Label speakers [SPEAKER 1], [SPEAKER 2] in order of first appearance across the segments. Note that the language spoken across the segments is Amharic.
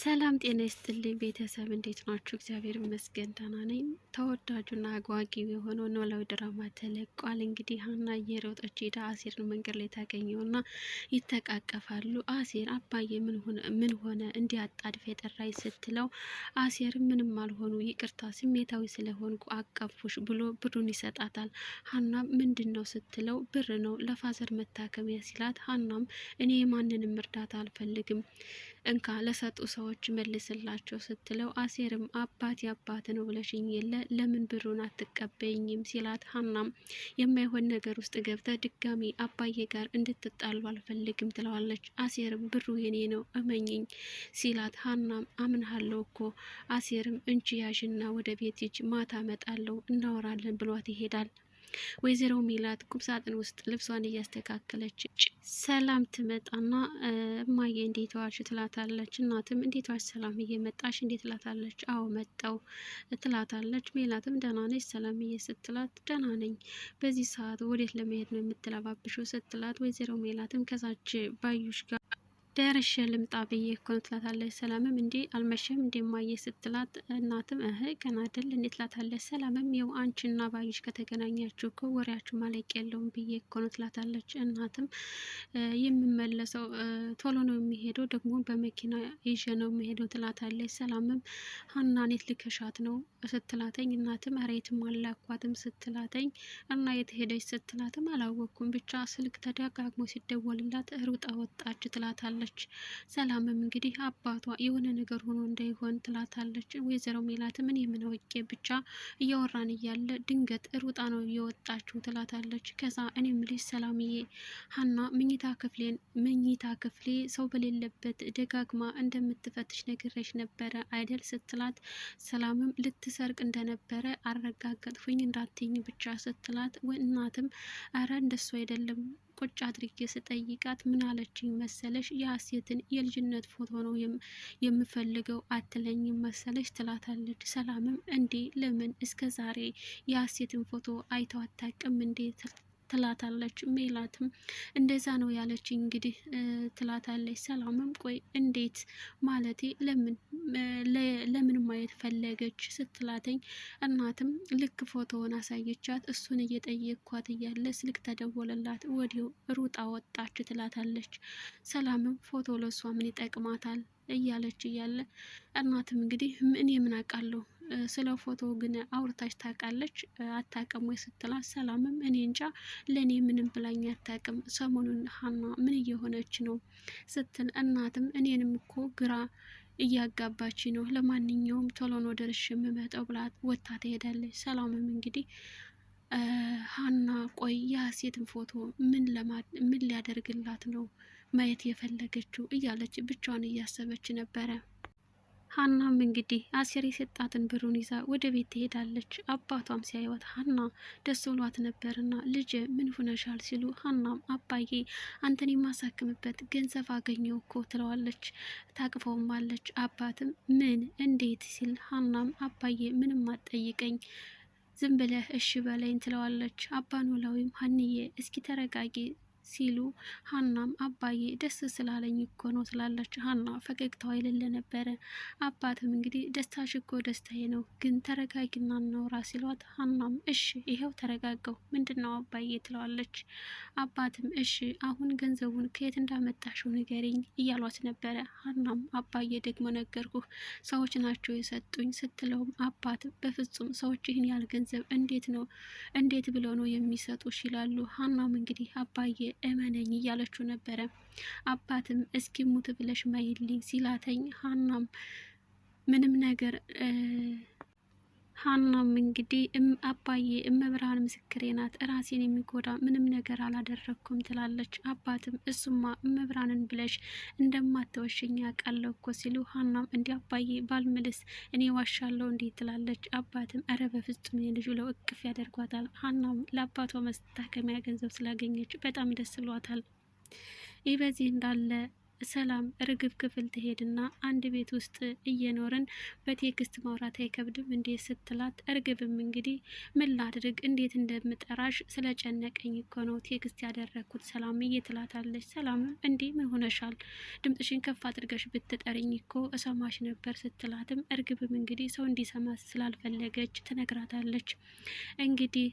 [SPEAKER 1] ሰላም ጤና ይስጥልኝ ቤተሰብ እንዴት ናችሁ? እግዚአብሔር ይመስገን ደህና ነኝ። ተወዳጁና አጓጊው የሆነው ኖላዊ ድራማ ተለቋል። እንግዲህ ሀና እየሮጠች ሄዳ አሴርን መንገድ ላይ ታገኘውና ይተቃቀፋሉ። አሴር አባዬ ምን ሆነ እንዲህ አጣድፈ ስትለው አሴር ምንም አልሆኑ ይቅርታ፣ ስሜታዊ ስለሆንኩ አቀፉሽ ብሎ ብሩን ይሰጣታል። ሀና ምንድን ነው ስትለው ብር ነው ለፋዘር መታከሚያ ሲላት ሀናም እኔ የማንንም እርዳታ አልፈልግም እንካ ለሰጡ ሰዎች መልስላቸው ስትለው አሴርም አባቴ አባት ነው ብለሽኝ የለ ለምን ብሩን አትቀበይኝም ሲላት ሀናም የማይሆን ነገር ውስጥ ገብተ ድጋሚ አባዬ ጋር እንድትጣሉ አልፈልግም ትለዋለች። አሴርም ብሩ የኔ ነው እመኝኝ ሲላት ሀናም አምንሃለው እኮ አሴርም እንቺ ያዥና ወደ ቤት ሂጅ ማታ መጣለው እናወራለን ብሏት ይሄዳል። ወይዘሮ ሚላት ሳጥን ውስጥ ልብሷን እያስተካከለች ሰላም ትመጣና እማዬ እንዴት ዋልሽ ትላታለች። እናትም እንዴት ዋልሽ ሰላም እየመጣሽ እንዴት ትላታለች። አዎ መጣው ትላታለች። ሜላትም ደህና ነች ሰላም ስትላት፣ ደህና ነኝ በዚህ ሰዓት ወዴት ለመሄድ ነው የምትለባብሽው ስትላት፣ ወይዘሮ ሜላትም ከዛች ባዩሽ ጋር ደርሼ ልምጣ ብዬ እኮ ነው ትላታለች። ሰላምም እንዴ አልመሸም እንዴ ማየ ስትላት እናትም እህ ቀን አይደል እንዴ ትላታለች። ሰላምም የው አንቺና ባዩሽ ከተገናኛችሁ እኮ ወሬያችሁ ማለቅ የለውም ብዬ እኮ ነው ትላታለች። እናትም የምመለሰው ቶሎ ነው የሚሄደው ደግሞ በመኪና ይዤ ነው የሚሄደው ትላታለች። ሰላምም ሀና እኔት ልከሻት ነው ስትላተኝ እናትም ኧረ የትም አላኳትም ስትላተኝ እና የት ሄደች ስትላትም አላወቅኩም ብቻ ስልክ ተደጋግሞ ሲደወልላት ሩጣ ወጣች ትላታለች። ትላታለች። ሰላምም እንግዲህ አባቷ የሆነ ነገር ሆኖ እንዳይሆን ትላታለች። ወይዘሮ ሜላትም እኔ ምን አውቄ ብቻ እያወራን እያለ ድንገት ሩጣ ነው እየወጣችው ትላታለች። ከዛ እኔ ምልሽ ሰላምዬ ሀና መኝታ ክፍሌን መኝታ ክፍሌ ሰው በሌለበት ደጋግማ እንደምትፈትሽ ነግሬሽ ነበረ አይደል ስትላት ሰላምም ልትሰርቅ እንደነበረ አረጋገጥኩኝ እንዳትኝ ብቻ ስትላት እናትም አረ እንደሱ አይደለም ቁጭ አድርጌ ስጠይቃት ምን አለችኝ መሰለሽ የሀሴትን የልጅነት ፎቶ ነው የምፈልገው አትለኝም መሰለሽ ትላታለች። ሰላምም እንዴ ለምን እስከ ዛሬ የሀሴትን ፎቶ አይተው አታውቅም እንዴ ትላታለች። ሜላትም እንደዛ ነው ያለች እንግዲህ ትላታለች። ሰላምም ቆይ እንዴት ማለቴ ለምን ለምን ማየት ፈለገች ስትላተኝ እናትም ልክ ፎቶውን አሳየቻት። እሱን እየጠየቅኳት እያለ ስልክ ተደወለላት። ወዲው ሩጣ ወጣች ትላታለች። ሰላምም ፎቶ ለእሷ ምን ይጠቅማታል እያለች እያለ እናትም እንግዲህ እኔ ምን አውቃለሁ ስለ ፎቶ ግን አውርታች ታውቃለች አታውቅም ወይ ስትላት፣ ሰላምም እኔ እንጃ ለእኔ ምንም ብላኝ አታውቅም። ሰሞኑን ሀና ምን እየሆነች ነው ስትል፣ እናትም እኔንም እኮ ግራ እያጋባች ነው። ለማንኛውም ቶሎ ነው ደርሼ የምመጣው ብላት ወታ ትሄዳለች። ሰላምም እንግዲህ ሀና ቆይ የሀሴትን ፎቶ ምን ምን ሊያደርግላት ነው ማየት የፈለገችው እያለች ብቻዋን እያሰበች ነበረ። ሀናም እንግዲህ አሴር የሰጣትን ብሩን ይዛ ወደ ቤት ትሄዳለች። አባቷም ሲያይዋት ሀና ደስ ብሏት ነበርና ልጅ ምን ሁነሻል ሲሉ ሀናም አባዬ አንተን የማሳክምበት ገንዘብ አገኘው እኮ ትለዋለች። ታቅፈውም አለች። አባትም ምን እንዴት ሲል ሀናም አባዬ ምንም አጠይቀኝ ዝም ብለህ እሺ በለኝ ትለዋለች። አባ ኖላዊም ሀንዬ እስኪ ተረጋጊ ሲሉ ሀናም አባዬ ደስ ስላለኝ እኮ ነው ስላለች ሀና ፈገግታዋ የሌለ ነበረ። አባትም እንግዲህ ደስታሽ እኮ ደስታዬ ነው፣ ግን ተረጋጊና እናውራ ሲሏት ሀናም እሺ ይኸው ተረጋጋው ምንድን ነው አባዬ ትለዋለች። አባትም እሺ አሁን ገንዘቡን ከየት እንዳመጣሽው ንገሪኝ እያሏት ነበረ። ሀናም አባዬ ደግሞ ነገርኩ ሰዎች ናቸው የሰጡኝ ስትለውም አባት በፍጹም ሰዎች ይህን ያህል ገንዘብ እንዴት ነው እንዴት ብለው ነው የሚሰጡሽ ይላሉ። ሀናም እንግዲህ አባዬ እመነኝ እያለችው ነበረ። አባትም እስኪ ሙት ብለሽ ማይልኝ ሲላተኝ ሀናም ምንም ነገር ሀናም እንግዲህ አባዬ እመብርሃን ምስክሬ ናት፣ ራሴን የሚጎዳ ምንም ነገር አላደረግኩም ትላለች። አባትም እሱማ እመብርሃንን ብለሽ እንደማትወሽኝ ያውቃለሁ እኮ ሲሉ ሀናም እንዲህ አባዬ ባልምልስ እኔ ዋሻለሁ እንዴ ትላለች። አባትም እረ በፍጹም ልጁ ለው እቅፍ ያደርጓታል። ሀናም ለአባቷ መስታከሚያ ገንዘብ ስላገኘች በጣም ደስ ብሏታል። ይህ በዚህ እንዳለ ሰላም ርግብ ክፍል ትሄድና አንድ ቤት ውስጥ እየኖርን በቴክስት ማውራት አይከብድም እንዴ ስትላት፣ እርግብም እንግዲህ ምን ላድርግ እንዴት እንደምጠራሽ ስለጨነቀኝ እኮ ነው ቴክስት ያደረግኩት ሰላም እየትላታለች። ሰላምም እንዴ ምን ሆነሻል? ድምጽሽን ከፍ አድርገሽ ብትጠርኝ እኮ እሰማሽ ነበር ስትላትም፣ እርግብም እንግዲህ ሰው እንዲሰማ ስላልፈለገች ትነግራታለች። እንግዲህ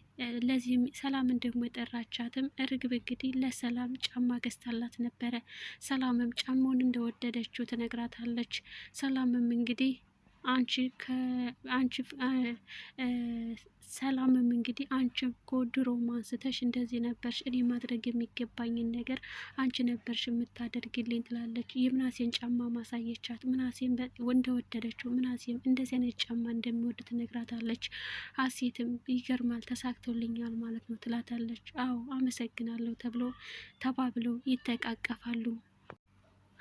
[SPEAKER 1] ለዚህም ሰላምን ደግሞ የጠራቻትም እርግብ እንግዲህ ለሰላም ጫማ ገዝታላት ነበረ ሰላምም ጫማውን እንደወደደችው ትነግራታለች። ሰላምም እንግዲህ አንቺ ከአንቺ ሰላምም እንግዲህ አንቺ እኮ ድሮ ማንስተሽ እንደዚህ ነበርሽ፣ እኔ ማድረግ የሚገባኝን ነገር አንቺ ነበርሽ የምታደርግልኝ ትላለች። የምናሴን ጫማ ማሳየቻት፣ ምናሴን እንደወደደችው፣ ምናሴም እንደዚህ አይነት ጫማ እንደሚወድ ትነግራታለች። አሴትም ይገርማል፣ ተሳክቶልኛል ማለት ነው ትላታለች። አዎ አመሰግናለሁ ተብሎ ተባብለው ይተቃቀፋሉ።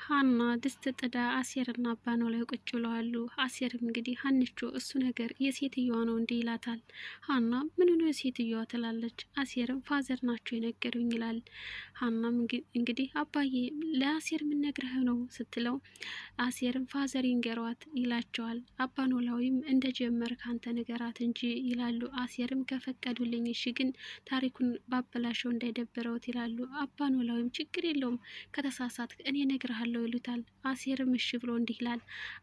[SPEAKER 1] ሀና ድስት ጥዳ አሴርና አባኖ ላይ ቁጭ ብለዋሉ። አሴርም እንግዲህ ሀንቾ እሱ ነገር የሴትየዋ ነው እንዲ ይላታል። ሀና ምን ነው የሴትየዋ ትላለች። አሴርም ፋዘር ናቸው የነገሩኝ ይላል። ሀናም እንግዲህ አባዬ ለአሴር ምን ነግረህ ነው ስትለው አሴርም ፋዘር ይንገሯት ይላቸዋል። አባኖላዊም እንደ ጀመር ካንተ ነገራት እንጂ ይላሉ። አሴርም ከፈቀዱልኝ እሺ፣ ግን ታሪኩን ባበላሸው እንዳይደብረውት ይላሉ። አባኖላዊም ችግር የለውም ከተሳሳት እኔ ነግርሃል አለው ይሉታል። አሴርም እሺ ብሎ እንዲህ ይላል።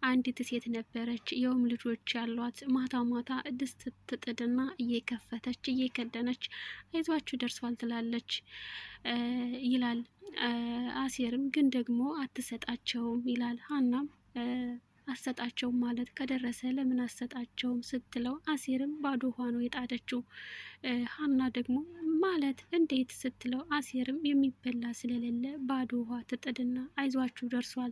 [SPEAKER 1] አንዲት ሴት ነበረች፣ የውም ልጆች ያሏት። ማታ ማታ ድስት ትጥድና እየከፈተች እየከደነች አይዟችሁ ደርሷል ትላለች ይላል። አሴርም ግን ደግሞ አትሰጣቸውም ይላል። ሀናም አሰጣቸውም ማለት ከደረሰ ለምን አሰጣቸውም ስትለው አሴርም ባዶ ሆኖ የጣደችው ሀና ደግሞ ማለት እንዴት ስትለው አሴርም የሚበላ ስለሌለ ባዶ ውሃ ትጥድና አይዟችሁ ደርሷል፣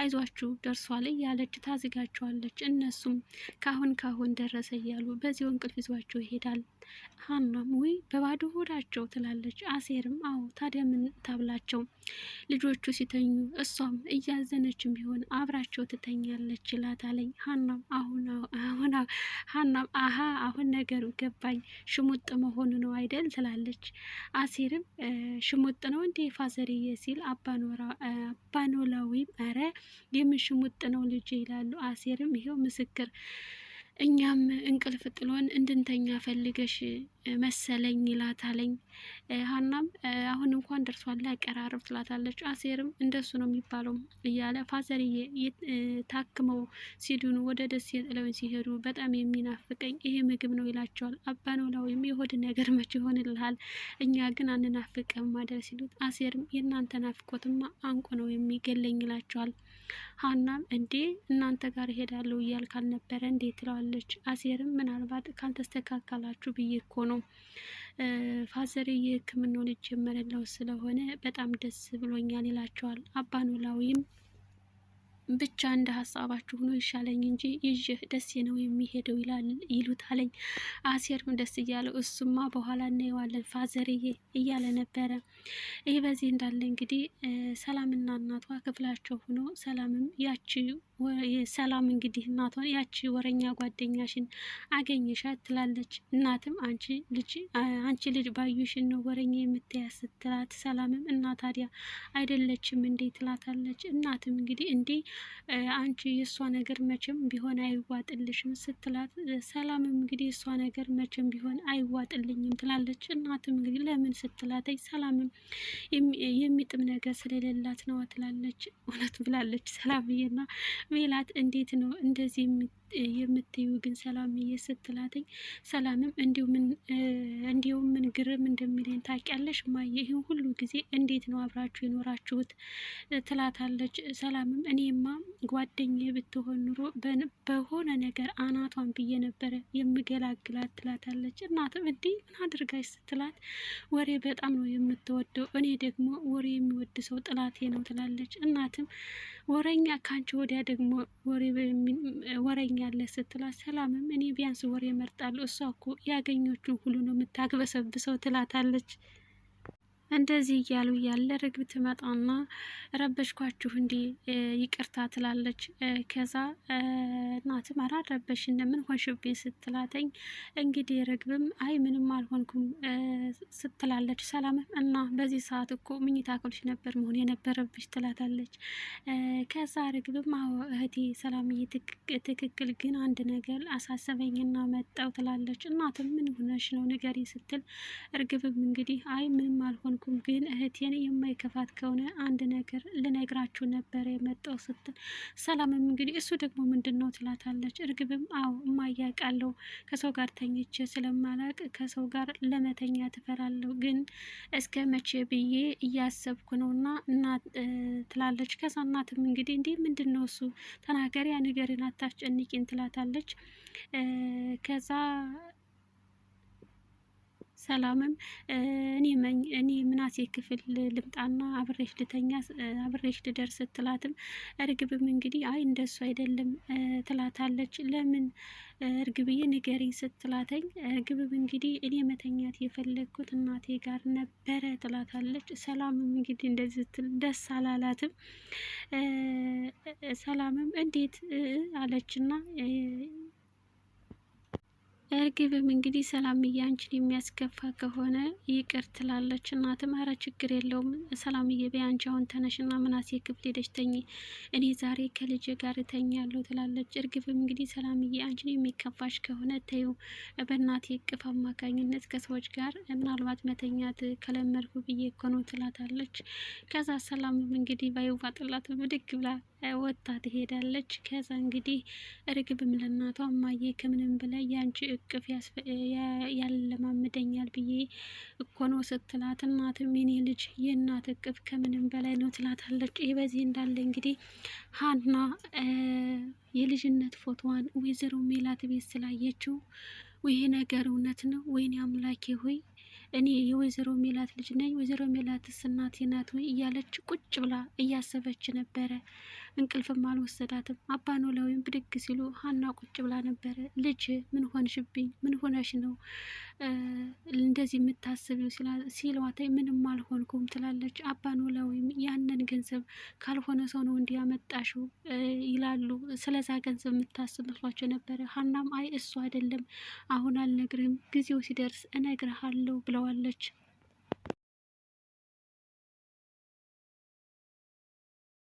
[SPEAKER 1] አይዟችሁ ደርሷል እያለች ታዝጋቸዋለች። እነሱም ካሁን ካሁን ደረሰ እያሉ በዚሁ እንቅልፍ ይዟቸው ይሄዳል። ሀናም ውይ በባዶ ሆዳቸው ትላለች። አሴርም አዎ ታዲያ ምን ታብላቸው ልጆቹ ሲተኙ እሷም እያዘነችም ቢሆን አብራቸው ትተኛለች ይላታለኝ። ሀናም አሁን አሁን ሀናም አሀ አሁን ነገሩ ገባኝ ሽሙጥ መሆኑ ነው አይደል ትላለች። አሴርም ሽሙጥ ነው እንዴ ፋዘርዬ ሲል አባኖላዊም አረ የምን ሽሙጥ ነው ልጅ ይላሉ። አሴርም ይሄው ምስክር እኛም እንቅልፍ ጥሎን እንድንተኛ ፈልገሽ መሰለኝ ይላታለኝ። ሀናም አሁን እንኳን ደርሷል አቀራርብ ትላታለች። አሴርም እንደሱ ነው የሚባለው እያለ ፋዘርዬ ታክመው ሲድኑ ወደ ደሴ ጥለውን ሲሄዱ በጣም የሚናፍቀኝ ይሄ ምግብ ነው ይላቸዋል። አባ ኖላዊም የሆድ ነገር መች ይሆንልሃል እኛ ግን አንናፍቅም ማደር ሲሉት አሴርም የእናንተ ናፍቆትማ አንቆ ነው የሚገለኝ ይላቸዋል። ሀናም እንዴ እናንተ ጋር እሄዳለሁ እያልክ አልነበረ እንዴ ትለዋለች። አሴርም ምናልባት ካልተስተካከላችሁ ብዬ እኮ ነው ነው። ፋዘሬ የህክምናውን ጀመረለው ስለሆነ በጣም ደስ ብሎኛል ይላቸዋል። አባ ኖላዊም ብቻ እንደ ሀሳባችሁ ሆኖ ይሻለኝ እንጂ ይህ ደስ ነው የሚሄደው ይሉታለኝ። አሴርም ደስ እያለው እሱማ በኋላ እናየዋለን ፋዘርዬ እያለ ነበረ። ይህ በዚህ እንዳለ እንግዲህ ሰላምና እናቷ ክፍላቸው ሆኖ ሰላምም ያቺ ሰላም እንግዲህ እናቷን ያቺ ወረኛ ጓደኛሽን አገኘሻት ትላለች። እናትም አንቺ ልጅ አንቺ ልጅ ባዩሽን ነው ወረኛ የምትያስ ስትላት፣ ሰላምም እና ታዲያ አይደለችም እንዴ ትላታለች። እናትም እንግዲህ እንዲህ አንቺ የእሷ ነገር መቼም ቢሆን አይዋጥልሽም ስትላት፣ ሰላምም እንግዲህ የእሷ ነገር መቼም ቢሆን አይዋጥልኝም ትላለች። እናትም እንግዲህ ለምን ስትላት፣ ሰላምም የሚጥም ነገር ስለሌላት ነዋ ትላለች። እውነት ብላለች ሰላምዬና ሜላት እንዴት ነው እንደዚህ የሚ የምትዩ ግን ሰላምዬ ስትላትኝ ሰላምም እንዲሁም ምን ግርም እንደሚለኝ ታውቂያለሽ ማየ ይህን ሁሉ ጊዜ እንዴት ነው አብራችሁ የኖራችሁት ትላታለች ሰላምም እኔማ ጓደኛዬ ብትሆን ኑሮ በሆነ ነገር አናቷን ብዬ ነበረ የምገላግላት ትላታለች እናትም እንዲህ ምን አድርጋች ስትላት ወሬ በጣም ነው የምትወደው እኔ ደግሞ ወሬ የሚወድ ሰው ጥላቴ ነው ትላለች እናትም ወረኛ ካንቺ ወዲያ ደግሞ ወረኛ ያለ ስትላት ሰላምም እኔ ቢያንስ ወሬ እመርጣለሁ እሷ እኮ ያገኘችውን ሁሉ ነው የምታግበሰብሰው ትላታለች። እንደዚህ እያሉ ያለ ርግብ ትመጣና ረበሽኳችሁ እንዲ ይቅርታ ትላለች። ከዛ እናትም መራ ረበሽ እንደምን ሆንሽብኝ ስትላተኝ እንግዲህ ርግብም አይ ምንም አልሆንኩም ስትላለች። ሰላም እና በዚህ ሰዓት እኮ ምኝታ ክፍልሽ ነበር መሆን የነበረብሽ ትላታለች። ከዛ ርግብም አዎ እህቴ ሰላምዬ ትክክል፣ ግን አንድ ነገር አሳሰበኝና መጣው ትላለች። እናትም ምን ሆነሽ ነው ንገሪ ስትል ርግብም እንግዲህ አይ ምንም አልሆን አልሆንኩም፣ ግን እህቴን የማይከፋት ከሆነ አንድ ነገር ልነግራችሁ ነበረ የመጣው ስትል ሰላምም እንግዲህ እሱ ደግሞ ምንድን ነው ትላታለች። እርግብም አዎ እማያውቃለሁ ከሰው ጋር ተኝቼ ስለማላቅ ከሰው ጋር ለመተኛ ትፈራለሁ፣ ግን እስከ መቼ ብዬ እያሰብኩ ነው እና ትላለች። ከዛ እናትም እንግዲህ እንዲህ ምንድን ነው እሱ ተናገሪያ ንገሪን፣ አታስጨንቂን ትላታለች። ከዛ ሰላምም እኔ ምናሴ ክፍል ልምጣና አብሬሽ ልተኛ አብሬሽ ልደርስ ትላትም፣ እርግብም እንግዲህ አይ እንደሱ አይደለም ትላታለች። ለምን እርግብዬ ንገሪ ስትላተኝ፣ እርግብም እንግዲህ እኔ መተኛት የፈለግኩት እናቴ ጋር ነበረ ትላታለች። ሰላምም እንግዲህ እንደዚህ ስትል ደስ አላላትም። ሰላምም እንዴት አለችና እርግብም እንግዲህ ሰላምዬ አንቺን የሚያስከፋ ከሆነ ይቅር ትላለች። እናትም ኧረ ችግር የለውም ሰላምዬ በይ አንቺ አሁን ተነሽና ምናሴ ክፍል ሄደሽ ተኝ፣ እኔ ዛሬ ከልጅ ጋር እተኛለሁ ትላለች። እርግብም እንግዲህ ሰላምዬ አንቺን የሚከፋሽ ከሆነ ተዩ በእናት እቅፍ አማካኝነት ከሰዎች ጋር ምናልባት መተኛት ከለመድኩ ብዬ እኮ ነው ትላታለች። ከዛ ሰላምም እንግዲህ ጥላት ብድግ ብላ ወጥታ ትሄዳለች። ከዛ እንግዲህ እርግብም ለእናቷ እማዬ ከምንም በላይ የአንቺ እቅፍ ያለማምደኛል ብዬ እኮ ነው ስትላት፣ እናትም የኔ ልጅ የእናት እቅፍ ከምንም በላይ ነው ትላታለች። ይህ በዚህ እንዳለ እንግዲህ ሀና የልጅነት ፎቶዋን ወይዘሮ ሜላት ቤት ስላየችው ይሄ ነገር እውነት ነው? ወይኔ አምላኬ ሆይ እኔ የወይዘሮ ሜላት ልጅ ነኝ፣ ወይዘሮ ሜላትስ እናቴ ናት ወይ እያለች ቁጭ ብላ እያሰበች ነበረ። እንቅልፍም አልወሰዳትም። አባ ኖላዊም ብድግ ሲሉ ሀና ቁጭ ብላ ነበረ። ልጅ ምን ሆንሽብኝ? ምን ሆነሽ ነው እንደዚህ የምታስቢው? ሲለዋታይ ምንም አልሆንኩም ትላለች። አባ ኖላዊም ያንን ገንዘብ ካልሆነ ሰው ነው እንዲያመጣሽው ይላሉ። ስለዛ ገንዘብ የምታስብ መስሏቸው ነበረ። ሀናም አይ እሱ አይደለም አሁን አልነግርህም፣ ጊዜው ሲደርስ እነግርሃለሁ ብለዋለች።